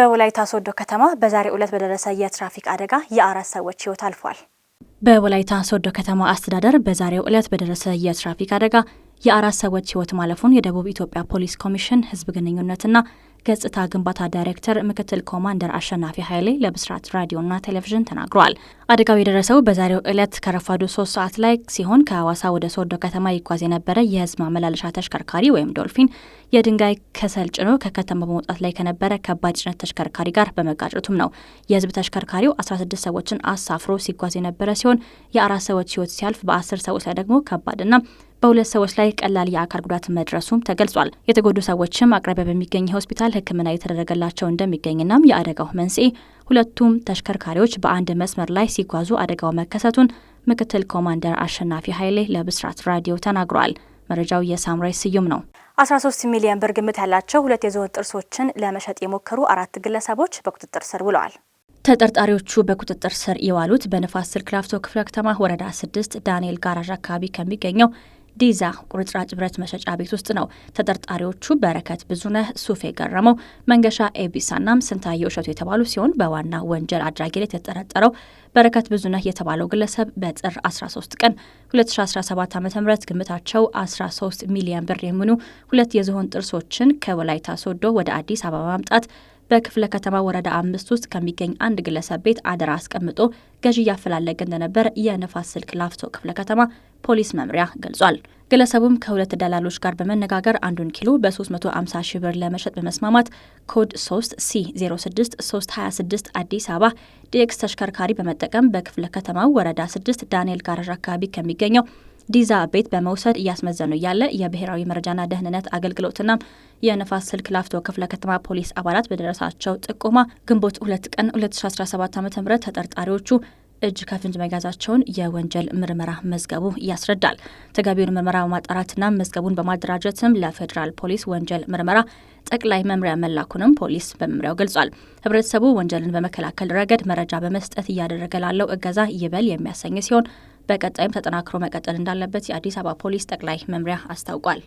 በወላይታ ሶዶ ከተማ በዛሬው ዕለት በደረሰ የትራፊክ አደጋ የአራት ሰዎች ህይወት አልፏል። በወላይታ ሶዶ ከተማ አስተዳደር በዛሬው ዕለት በደረሰ የትራፊክ አደጋ የአራት ሰዎች ህይወት ማለፉን የደቡብ ኢትዮጵያ ፖሊስ ኮሚሽን ህዝብ ግንኙነትና ገጽታ ግንባታ ዳይሬክተር ምክትል ኮማንደር አሸናፊ ኃይሌ ለብስራት ራዲዮና ቴሌቪዥን ተናግረዋል። አደጋው የደረሰው በዛሬው ዕለት ከረፋዱ ሶስት ሰዓት ላይ ሲሆን ከሐዋሳ ወደ ሶዶ ከተማ ይጓዝ የነበረ የህዝብ ማመላለሻ ተሽከርካሪ ወይም ዶልፊን የድንጋይ ከሰል ጭኖ ከከተማ በመውጣት ላይ ከነበረ ከባድ ጭነት ተሽከርካሪ ጋር በመጋጨቱም ነው። የህዝብ ተሽከርካሪው 16 ሰዎችን አሳፍሮ ሲጓዝ የነበረ ሲሆን የአራት ሰዎች ህይወት ሲያልፍ በአስር ሰዎች ላይ ደግሞ ከባድና በሁለት ሰዎች ላይ ቀላል የአካል ጉዳት መድረሱም ተገልጿል። የተጎዱ ሰዎችም አቅራቢያ በሚገኝ ሆስፒታል ሕክምና የተደረገላቸው እንደሚገኝናም የአደጋው መንስኤ ሁለቱም ተሽከርካሪዎች በአንድ መስመር ላይ ሲጓዙ አደጋው መከሰቱን ምክትል ኮማንደር አሸናፊ ኃይሌ ለብስራት ራዲዮ ተናግሯል። መረጃው የሳምራይ ስዩም ነው። 13 ሚሊዮን ብር ግምት ያላቸው ሁለት የዝሆን ጥርሶችን ለመሸጥ የሞከሩ አራት ግለሰቦች በቁጥጥር ስር ውለዋል። ተጠርጣሪዎቹ በቁጥጥር ስር የዋሉት በንፋስ ስልክ ላፍቶ ክፍለ ከተማ ወረዳ ስድስት ዳንኤል ጋራዥ አካባቢ ከሚገኘው ዲዛ ቁርጥራጭ ብረት መሸጫ ቤት ውስጥ ነው። ተጠርጣሪዎቹ በረከት ብዙነህ፣ ሱፌ ገረመው፣ መንገሻ ኤቢሳናም ስንታየ እሸቱ የተባሉ ሲሆን በዋና ወንጀል አድራጊነት የተጠረጠረው በረከት ብዙነህ የተባለው ግለሰብ በጥር 13 ቀን 2017 ዓ ም ግምታቸው 13 ሚሊዮን ብር የሚሆኑ ሁለት የዝሆን ጥርሶችን ከወላይታ ሶዶ ወደ አዲስ አበባ ማምጣት በክፍለ ከተማ ወረዳ አምስት ውስጥ ከሚገኝ አንድ ግለሰብ ቤት አደራ አስቀምጦ ገዢ እያፈላለገ እንደነበር የንፋስ ስልክ ላፍቶ ክፍለ ከተማ ፖሊስ መምሪያ ገልጿል። ግለሰቡም ከሁለት ደላሎች ጋር በመነጋገር አንዱን ኪሎ በ350 ሺህ ብር ለመሸጥ በመስማማት ኮድ 3 ሲ 06 326 አዲስ አበባ ዲኤክስ ተሽከርካሪ በመጠቀም በክፍለ ከተማው ወረዳ 6 ዳንኤል ጋራዥ አካባቢ ከሚገኘው ዲዛ ቤት በመውሰድ እያስመዘኑ እያለ የብሔራዊ መረጃና ደህንነት አገልግሎትና የንፋስ ስልክ ላፍቶ ክፍለ ከተማ ፖሊስ አባላት በደረሳቸው ጥቆማ ግንቦት ሁለት ቀን 2017 ዓ ም ተጠርጣሪዎቹ እጅ ከፍንጅ መያዛቸውን የወንጀል ምርመራ መዝገቡ ያስረዳል። ተገቢውን ምርመራ በማጣራትና መዝገቡን በማደራጀትም ለፌዴራል ፖሊስ ወንጀል ምርመራ ጠቅላይ መምሪያ መላኩንም ፖሊስ በመምሪያው ገልጿል። ህብረተሰቡ ወንጀልን በመከላከል ረገድ መረጃ በመስጠት እያደረገ ላለው እገዛ ይበል የሚያሰኝ ሲሆን በቀጣይም ተጠናክሮ መቀጠል እንዳለበት የአዲስ አበባ ፖሊስ ጠቅላይ መምሪያ አስታውቋል።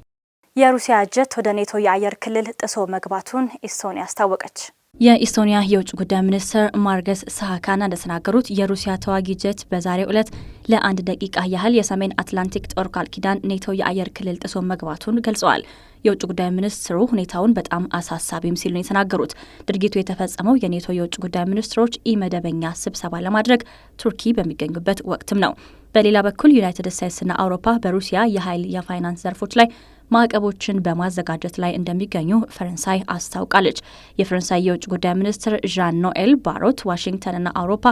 የሩሲያ ጀት ወደ ኔቶ የአየር ክልል ጥሶ መግባቱን ኢስቶኒያ አስታወቀች። የኢስቶኒያ የውጭ ጉዳይ ሚኒስትር ማርገስ ሳሃካና እንደተናገሩት የሩሲያ ተዋጊ ጀት በዛሬው ዕለት ለአንድ ደቂቃ ያህል የሰሜን አትላንቲክ ጦር ቃል ኪዳን ኔቶ የአየር ክልል ጥሶ መግባቱን ገልጸዋል። የውጭ ጉዳይ ሚኒስትሩ ሁኔታውን በጣም አሳሳቢም ሲሉ ነው የተናገሩት። ድርጊቱ የተፈጸመው የኔቶ የውጭ ጉዳይ ሚኒስትሮች ኢመደበኛ ስብሰባ ለማድረግ ቱርኪ በሚገኙበት ወቅትም ነው። በሌላ በኩል ዩናይትድ ስቴትስና አውሮፓ በሩሲያ የኃይል የፋይናንስ ዘርፎች ላይ ማዕቀቦችን በማዘጋጀት ላይ እንደሚገኙ ፈረንሳይ አስታውቃለች። የፈረንሳይ የውጭ ጉዳይ ሚኒስትር ዣን ኖኤል ባሮት ዋሽንግተንና አውሮፓ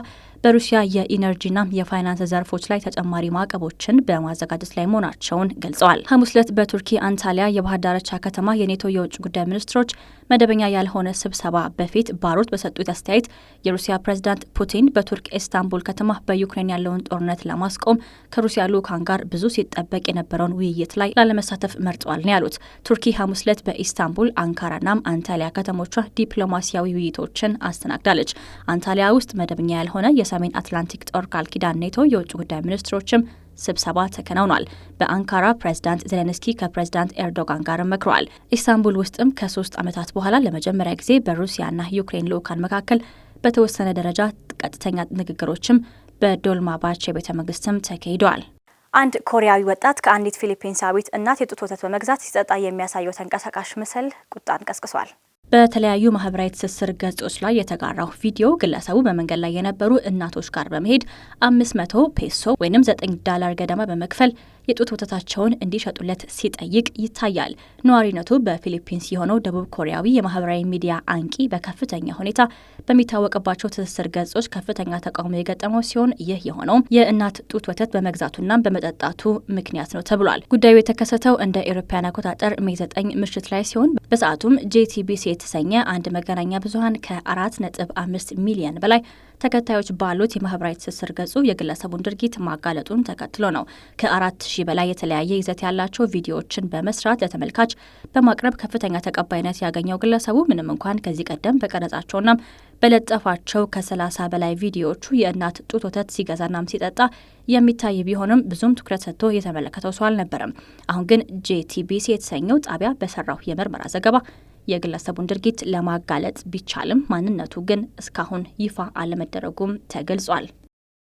በሩሲያ የኢነርጂና የፋይናንስ ዘርፎች ላይ ተጨማሪ ማዕቀቦችን በማዘጋጀት ላይ መሆናቸውን ገልጸዋል። ሐሙስ ዕለት በቱርኪ አንታሊያ የባህር ዳር በዳርቻ ከተማ የኔቶ የውጭ ጉዳይ ሚኒስትሮች መደበኛ ያልሆነ ስብሰባ በፊት ባሮት በሰጡት አስተያየት የሩሲያ ፕሬዝዳንት ፑቲን በቱርክ ኢስታንቡል ከተማ በዩክሬን ያለውን ጦርነት ለማስቆም ከሩሲያ ልኡካን ጋር ብዙ ሲጠበቅ የነበረውን ውይይት ላይ ላለመሳተፍ መርጠዋል ነው ያሉት። ቱርኪ ሐሙስ ዕለት በኢስታንቡል አንካራናም አንታሊያ ከተሞቿ ዲፕሎማሲያዊ ውይይቶችን አስተናግዳለች። አንታሊያ ውስጥ መደበኛ ያልሆነ የሰሜን አትላንቲክ ጦር ቃል ኪዳን ኔቶ የውጭ ጉዳይ ሚኒስትሮችም ስብሰባ ተከናውኗል። በአንካራ ፕሬዚዳንት ዜሌንስኪ ከፕሬዚዳንት ኤርዶጋን ጋር መክረዋል። ኢስታንቡል ውስጥም ከሶስት ዓመታት በኋላ ለመጀመሪያ ጊዜ በሩሲያና ዩክሬን ልዑካን መካከል በተወሰነ ደረጃ ቀጥተኛ ንግግሮችም በዶልማባች ቤተ መንግስትም ተካሂደዋል። አንድ ኮሪያዊ ወጣት ከአንዲት ፊሊፒንሳዊት እናት የጡት ወተት በመግዛት ሲጠጣ የሚያሳየው ተንቀሳቃሽ ምስል ቁጣን ቀስቅሷል። በተለያዩ ማህበራዊ ትስስር ገጾች ላይ የተጋራው ቪዲዮ ግለሰቡ በመንገድ ላይ የነበሩ እናቶች ጋር በመሄድ አምስት መቶ ፔሶ ወይም ዘጠኝ ዳላር ገደማ በመክፈል የጡት ወተታቸውን እንዲሸጡለት ሲጠይቅ ይታያል። ነዋሪነቱ በፊሊፒንስ የሆነው ደቡብ ኮሪያዊ የማህበራዊ ሚዲያ አንቂ በከፍተኛ ሁኔታ በሚታወቅባቸው ትስስር ገጾች ከፍተኛ ተቃውሞ የገጠመው ሲሆን ይህ የሆነውም የእናት ጡት ወተት በመግዛቱና በመጠጣቱ ምክንያት ነው ተብሏል። ጉዳዩ የተከሰተው እንደ ኤሮፓያን አቆጣጠር ሜይ 9 ምሽት ላይ ሲሆን በሰዓቱም ጄቲቢሲ የተሰኘ አንድ መገናኛ ብዙሀን ከአራት ነጥብ አምስት ሚሊየን በላይ ተከታዮች ባሉት የማህበራዊ ትስስር ገጹ የግለሰቡን ድርጊት ማጋለጡን ተከትሎ ነው። ከአራት ሺህ በላይ የተለያየ ይዘት ያላቸው ቪዲዮዎችን በመስራት ለተመልካች በማቅረብ ከፍተኛ ተቀባይነት ያገኘው ግለሰቡ ምንም እንኳን ከዚህ ቀደም በቀረጻቸውና በለጠፋቸው ከሰላሳ በላይ ቪዲዮዎቹ የእናት ጡት ወተት ሲገዛናም ሲጠጣ የሚታይ ቢሆንም ብዙም ትኩረት ሰጥቶ የተመለከተው ሰው አልነበረም። አሁን ግን ጄቲቢሲ የተሰኘው ጣቢያ በሰራው የምርመራ ዘገባ የግለሰቡን ድርጊት ለማጋለጥ ቢቻልም ማንነቱ ግን እስካሁን ይፋ አለመደረጉም ተገልጿል።